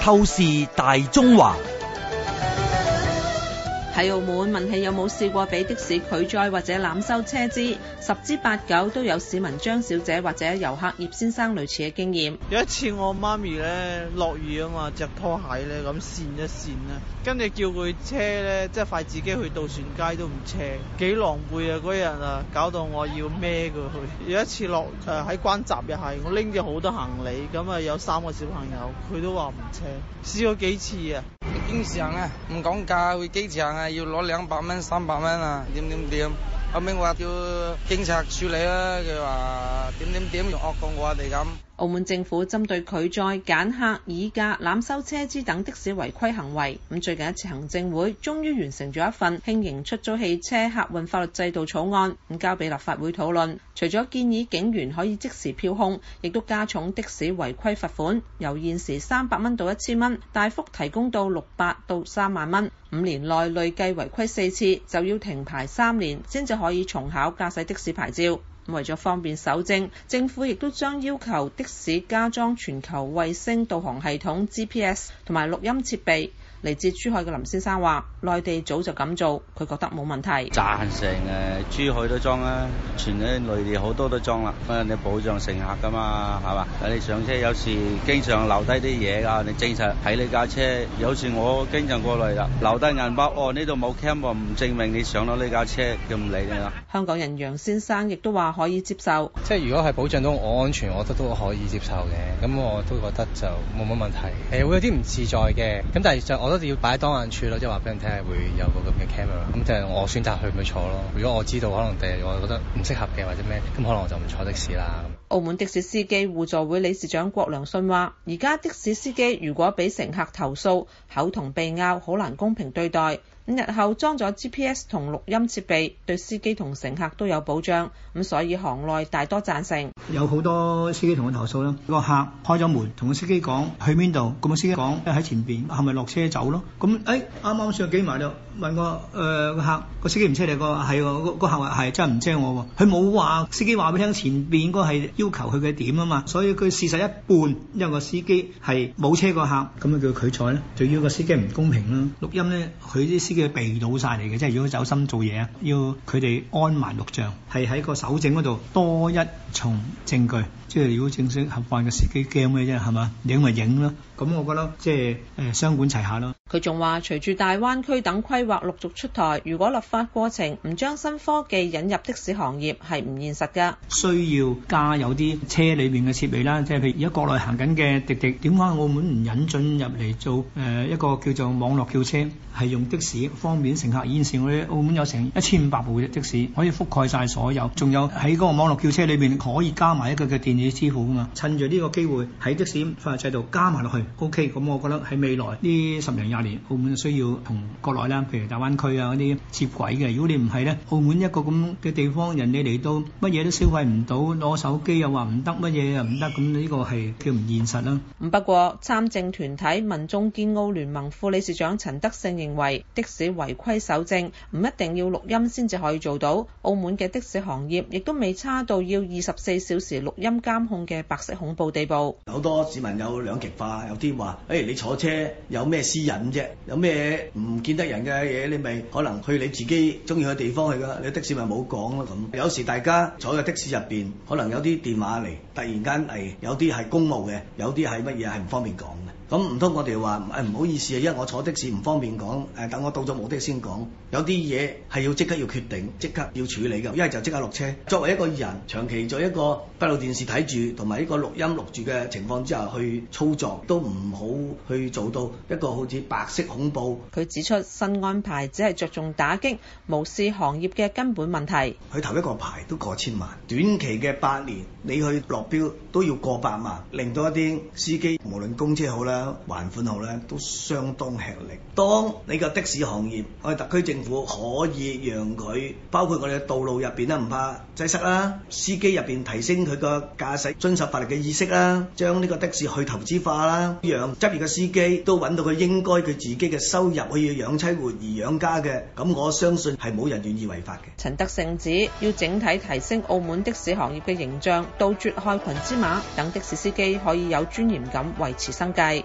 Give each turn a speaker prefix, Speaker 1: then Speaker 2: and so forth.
Speaker 1: 透視大中華。
Speaker 2: 喺澳門問起有冇試過俾的士拒載或者濫收車資，十之八九都有市民張小姐或者遊客葉先生類似嘅經驗。有一次我媽咪咧落雨啊嘛，着拖鞋咧咁扇一扇啦，跟住叫佢車咧，即係快自己去渡船街都唔車，幾狼狽啊嗰日啊，搞到我要孭佢去。有一次落誒喺關閘又係，我拎咗好多行李，咁啊有三個小朋友，佢都話唔車，試咗幾次啊，經常啊唔講價，會機場啊。要攞兩百蚊、三百蚊
Speaker 1: 啊，點點點，後尾我話叫警察處理啊，佢話點點點又惡講我哋咁。
Speaker 2: 澳門政府針對拒載、揀客、議價、濫收車資等的士違規行為，咁最近一次行政會終於完成咗一份輕型出租汽車客運法律制度草案，咁交俾立法會討論。除咗建議警員可以即時票控，亦都加重的士違規罰款，由現時三百蚊到一千蚊，大幅提供到六百到三萬蚊。五年內累計違規四次，就要停牌三年，先至可以重考駕駛的士牌照。為咗方便搜證，政府亦都將要求的士加裝全球衛星導航系統 （GPS） 同埋錄音設備。嚟自珠海嘅林先生話，內地早就咁做，佢覺得冇問題。
Speaker 3: 贊成嘅，啊，珠海都裝啦，啊，全喺內地好多都裝啦。咁啊，你保障乘客噶嘛，係嘛？你上車有時經常留低啲嘢㗎，你證實喺呢架車。有時我經常過嚟啦，留低銀包，哦呢度冇 cam，唔證明你上到呢架車，佢唔理你啦。
Speaker 2: 香港人楊先生亦都話可以接受，即係如果係保障到我
Speaker 3: 安全，我覺得都可以接受嘅，咁我都覺得就冇乜問題。誒 會有啲唔自在嘅，咁但係就我。我覺得要擺喺當眼處咯，即係話俾人聽係會有個咁嘅 camera。咁即係我選擇去唔去坐咯。如果我知道可能第日我覺得唔適合嘅或者咩，咁可能我就唔坐的士啦。
Speaker 2: 澳門的士司機互助會理事長郭良信話，而家的士司機如果俾乘客投訴口同被拗，好難公平對待。五日後裝咗 GPS 同錄音設備，對司機同乘客都有保障。咁所以行內大多贊成。
Speaker 3: 有好多司機同我投訴啦，個客開咗門，同個司機講去邊度，咁個司機講喺前面，係咪落車走咯。咁誒啱啱上機埋度，問個誒個客個司機唔車你，個係個客話係真係唔車我喎，佢冇話司機話俾你聽前面應該係要求佢嘅點啊嘛，所以佢事實一半因為個司機係冇車個客，咁佢叫佢坐彩咧，就要個司機唔公平啦。錄音咧，佢啲司機被倒晒嚟嘅，即係如果走心做嘢，要佢哋安埋錄像，係喺個搜證嗰度多一重。證據。即係如果正式合法嘅司機驚咩啫？係嘛，影咪影咯。咁我覺得即係誒雙管齊下咯。
Speaker 2: 佢仲話：隨住大灣區等規劃陸續出台，如果立法過程唔將新科技引入的士行業係唔現實㗎。
Speaker 3: 需要加有啲車裏邊嘅設備啦，即係譬如而家國內行緊嘅滴滴，點解澳門唔引進入嚟做誒一個叫做網絡叫車？係用的士方便乘客，現時我哋澳門有成一千五百部的的士，可以覆蓋晒所有，仲有喺嗰個網絡叫車裏邊可以加埋一個嘅電。你支付啊嘛，趁住呢個機會喺的士法律制度加埋落去，O K。咁我覺得喺未來呢十零廿年，澳門需要同國內啦，譬如大灣區啊嗰啲接軌嘅。如果你唔係咧，澳門一個咁嘅地方，人哋嚟到乜嘢都消費唔到，攞手機又話唔得，乜嘢又唔得，咁呢個係叫唔現實啦。
Speaker 2: 唔不過參政團體民眾建澳聯盟副理事長陳德勝認為的士違規搜證唔一定要錄音先至可以做到。澳門嘅的士行業亦都未差到要二十四小時錄音監監控嘅白色恐怖地步，好多市民有兩極化，有啲話：
Speaker 1: 誒、哎，你坐車有咩私隱啫？有咩唔見得人嘅嘢？你咪可能去你自己鍾意嘅地方去㗎。你的士咪冇講咯咁。有時大家坐嘅的士入邊，可能有啲電話嚟，突然間，誒，有啲係公務嘅，有啲係乜嘢係唔方便講嘅。咁唔通我哋話誒唔好意思啊，因為我坐的士唔方便講，誒等我到咗目的先講。有啲嘢係要即刻要決定，即刻要處理㗎。一係就即刻落車。作為一個人，長期在一個閉路電視睇
Speaker 2: 住同埋一個錄音錄住嘅情況之下去操作，都唔好去做到一個好似白色恐怖。佢指出新安排只係着重打擊，無視行業嘅根本問題。佢頭一個牌都過千萬，短期嘅八年，你去落
Speaker 1: 標都要過百萬，令到一啲司機無論公車好啦。還款後咧都相當吃力。當你個的，的士行業，我哋特區政府可以讓佢，包括我哋嘅道路入邊咧，唔怕擠塞啦，司機入邊提升佢個駕駛遵守法律嘅意識啦，將呢個的士去投資化啦，讓執業嘅司機都揾到佢應該佢自己嘅收入去養妻活兒養家嘅，咁我相信係冇人願意
Speaker 2: 違法嘅。陳德勝指要整體提升澳門的士行業嘅形象，杜絕害群之馬，等的士司機可以有尊嚴感維持生計。